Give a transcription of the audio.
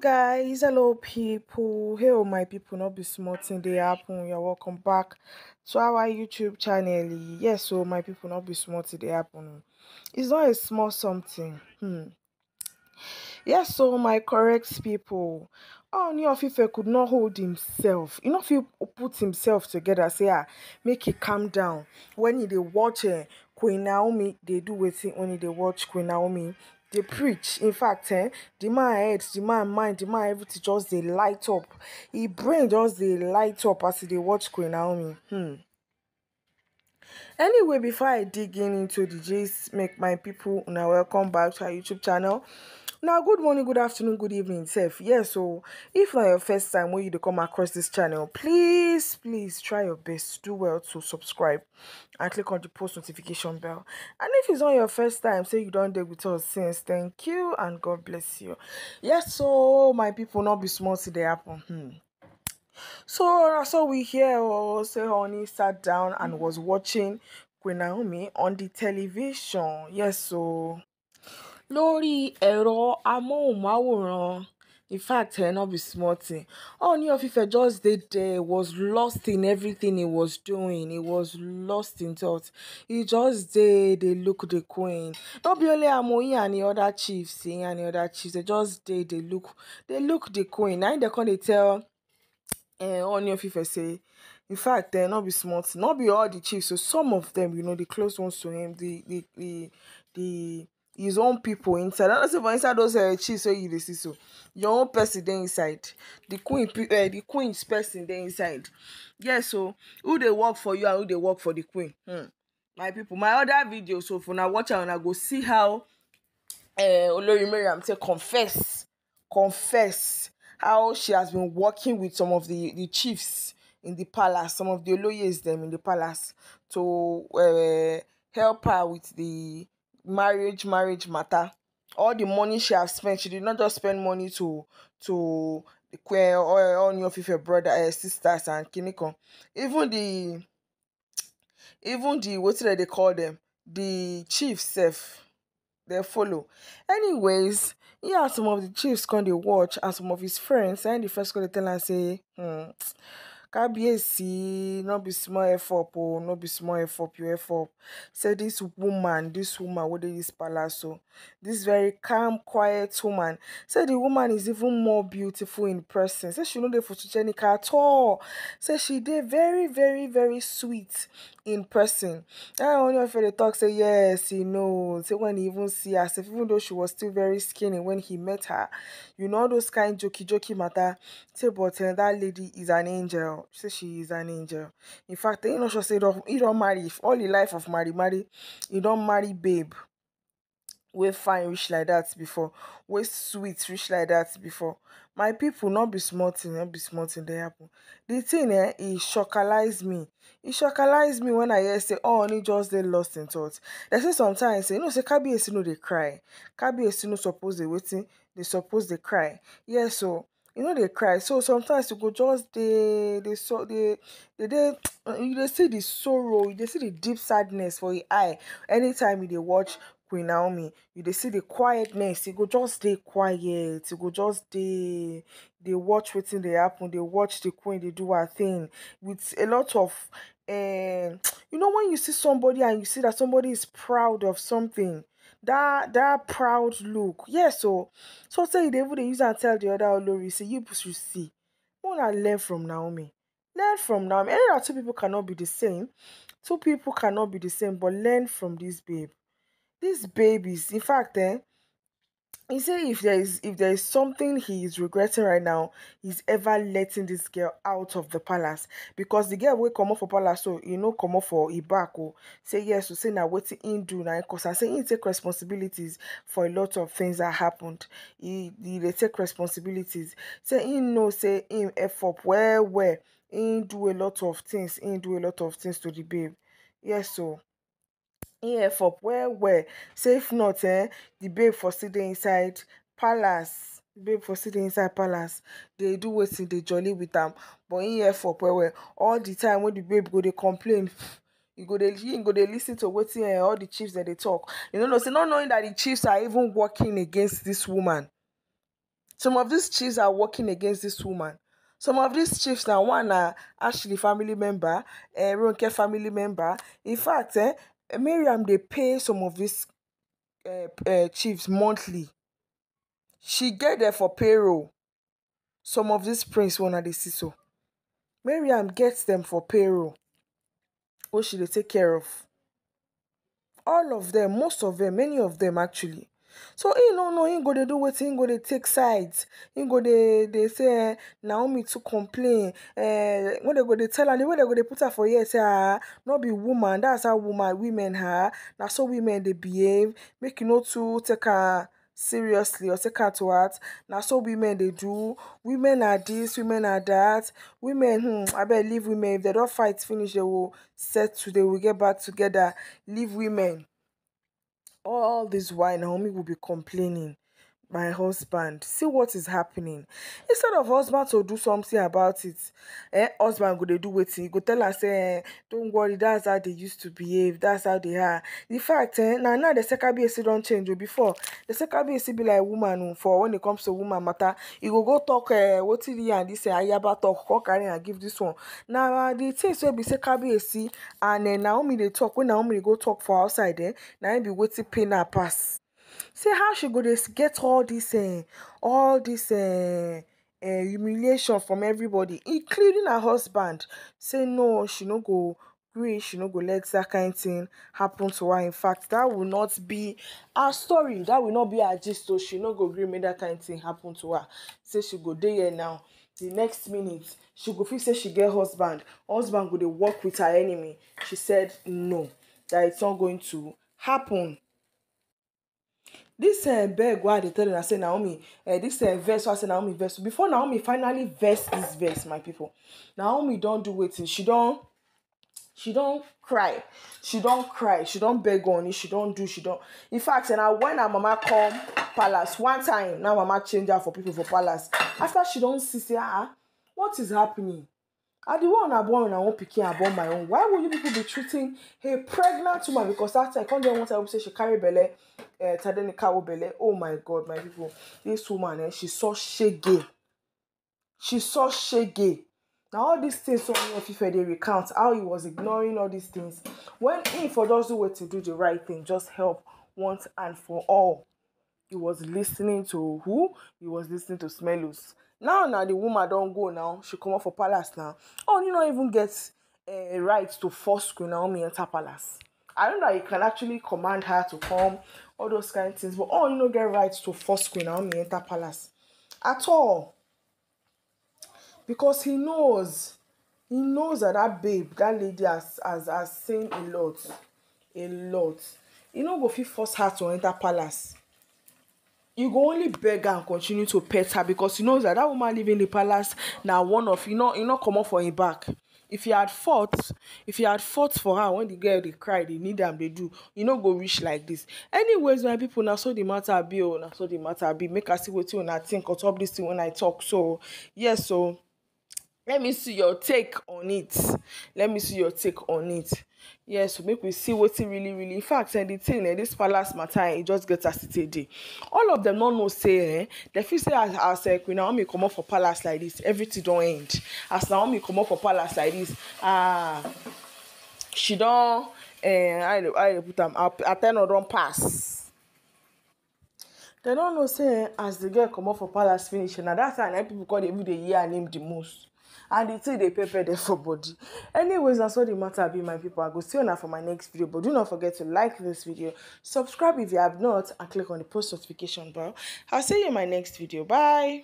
guys hello people Hello, oh, my people not be smarting they happen you're welcome back to our youtube channel yes so oh, my people not be smarting they happen oh. it's not a small something hmm yes so my correct people Ooni of Ife could not hold himself. You know, if he put himself together, say, ah, make he calm down. When he they watch uh, Queen Naomi, they do wetin. When he dey watch Queen Naomi, dey preach in fact eh the man head the man mind the man everything just dey light up e brain just dey light up as e dey watch queen naomi hmm. anyway before i dig in into the gist make my people una welcome back to our youtube channel Now, good morning, good afternoon, good evening, self. Yes, yeah, so if na your first time when you to come across this channel, please, please try your best, do well to subscribe and click on the post notification bell. And if it's not your first time, say you don't dey with us since, thank you and God bless you. Yes, yeah, so my people, not be small see they happen. Hmm. So that's so all we hear. Oh, say honey sat down and was watching Queen Naomi on the television. Yes, so lórí ẹ̀rọ amóhùnmáwòrán. In fact, eh, not be small thing. Ooni of Ife just dey eh, there, was lost in everything he was doing. He was lost in thought. He just dey, dey look the queen. Not be only Amoyi and the other chiefs, eh, and the other chiefs. They just dey, dey look, dey look the queen. Na im dey come dey tell eh, Ooni of Ife say, in fact, eh, not be small thing. Not be all the chiefs. So some of them, you know, the close ones to him, the the the the his own people inside. I don't say for inside those uh, cheese so you see so. Your own person there inside. The queen uh, the queen's person there inside. Yeah, so who they work for you and who they work for the queen. Hmm. My people, my other video, so for now watch out and I go see how uh Olori Mariam say confess. Confess how she has been working with some of the, the chiefs in the palace, some of the lawyers them in the palace to uh, help her with the marriage marriage matter all the money she has spent she did not just spend money to to queer or Ooni of Ife brother uh, sisters and kini even the even the wetin dem dey call them, the chief sef they follow anyways he and some of the chiefs come to watch and some of his friends and the first come dey tell and say hmm, Kabiyesi no be small effort o, no be small effort you effort. Say this woman, this woman wey dey this palace so, this very calm, quiet woman. Say the woman is even more beautiful in person. Say she no dey photogenic at all. Say she dey very, very, very sweet in person. That one of dey talk say yes, he know. Say when he even see her. herself, even though she was still very skinny when he met her, you know all those kind jokey jokey matter. Say but uh, that lady is an angel now. She she is an angel. In fact, you know, she said, he oh, don't marry. all the life of marry, marry, you don't marry babe. We fine rich like that before We sweet rich like that before my people not be smarting, not be smarting. They dey happen di tin eh e shockalize me e shockalize me when i hear say oh oni just they lost in thought They say sometimes say you know say kabiyesi no They cry kabiyesi no suppose they waiting. They suppose they cry yes o oh, you know they cry so sometimes you go just the the so the they you dey see the sorrow you see the deep sadness for your eye anytime you they watch queen naomi you they see the quietness You go just stay quiet You go just dey they watch wetin they happen They watch the queen They do her thing with a lot of um you know when you see somebody and you see that somebody is proud of something that that proud look yes o so say you dey they use and tell the other olori say you should see make una learn from naomi learn from naomi any that two people cannot be the same two people cannot be the same but learn from this babe this babe is in fact eh he say if there is if there is something he is regretting right now he's ever letting this girl out of the palace because the girl will come up for palace so you know, come up for Ibaku. Oh. say yes o say now wetin im do now because I say he take responsibilities for a lot of things that happened He he dey take responsibilities say he know say him f up where well im do a lot of things He do a lot of things to the babe yes so ef up well well say if not eh the babe for still dey inside palace babe for still dey inside palace dey do wetin dey jolly with am but e f up well well all the time when the babe go dey complain you go dey you go dey lis ten to wetin uh, all the chiefs dem dey talk you no know say not knowing that the chiefs are even working against this woman some of these chiefs are working against this woman some of these chiefs na one na ashley family member uh, ronke family member in fact eh, Miriam, they pay some of these um chiefs monthly. She get there for payroll. Some of these prince wey una dey see so, Mariam get dem for payroll What she they take care of. All of them, most of them, many of them actually so he no know he go dey do wetin he go dey take sides he go dey dey say eh naomi to complain eh when they go dey tell her the way dem go dey put her for ear say ah not be woman that's how woman women are na so women they behave make you no to take her seriously or take am to heart na so women they do women are this women are that women hmm abeg leave women if they don't fight finish they will set settle they will get back together leave women all this while Naomi will be complaining my husband see what is happening instead of husband to do something about it eh husband go dey do wetin he go tell her say eh don't worry that's how they used to behave that's how they are the fact eh now now the second sekabiesi don't change oh, before the second sekabiesi be like woman oh, for when it comes to woman matter you go go talk eh wetin he and this eh ayaba talk call carry and give this one Now uh, the things wey be second sekabiesi and eh naomi dey talk when naomi dey go talk for outside eh now him be wetin pain her pass say how she go dey get all this um eh, all this um um humiliation from everybody including her husband say no she no go gree she no go let that kind thing happen to her in fact that will not be her story That will not be her gist So she no go gree make dat kain tin happen to her say she go dey here now the next minute she go feel say she get husband husband go dey work with her enemy she said no that it's not going to happen this uh, beg why they dey tell una say naomi uh, this uh, verse wey i say naomi verse before naomi finally verse this verse my people naomi don do wetin she don she don cry she don cry she don beg honey she don do she don in fact na when her mama come palace one time na mama change her for people for palace after she don see say ah what is happening i dey one na born una own pikin i born my own why would you people be treating a pregnant woman because that time come get one time wey be say she carry belle uh, eh, Tadeni Kawobele. Oh my God, my people, this woman, eh, she so shaggy. She's so shaggy. Now all these things so many of you they recount how he was ignoring all these things. When he for those who were to do the right thing, just help once and for all. He was listening to who? He was listening to Smellus. Now now the woman don't go now. She come up for palace now. Oh, you not even get a uh, eh, right to force Queen Naomi enter palace. I know that you can actually command her to come, all those kind of things. But oh, you know get rights to force Queen Naomi enter palace at all. Because he knows, he knows that that babe, that lady has has, has seen a lot, a lot. You no go fit force her to enter palace. you go only beg her and continue to pet her because he knows that that woman living in the palace now one of you know you know comot for him back if you had fought if you had fought for her when the girl they cry they need them, they do you no go reach like this anyways my people now so the matter be o oh, na so the matter be make i see what you and I think on top this thing when i talk so yes o. So, let me see your take on it let me see your take on it yes yeah, so make we see wetin really really in fact eh, the thing eh, this palace matter eh, e just get as e take dey all of them no know say eh, dem feel say as as eh, queen naomi comot for palace like this everything don end as naomi comot for palace like this ah she don eh, how you dey put am her her ten ure don pass They no know say eh, as the girl comot for palace finish eh, na that time na people come dey even dey hear her name the most and the thing they pepper there for body anyways that's all the matter be my people i go see you now for my next video but do not forget to like this video subscribe if you have not and click on the post notification bell i'll see you in my next video bye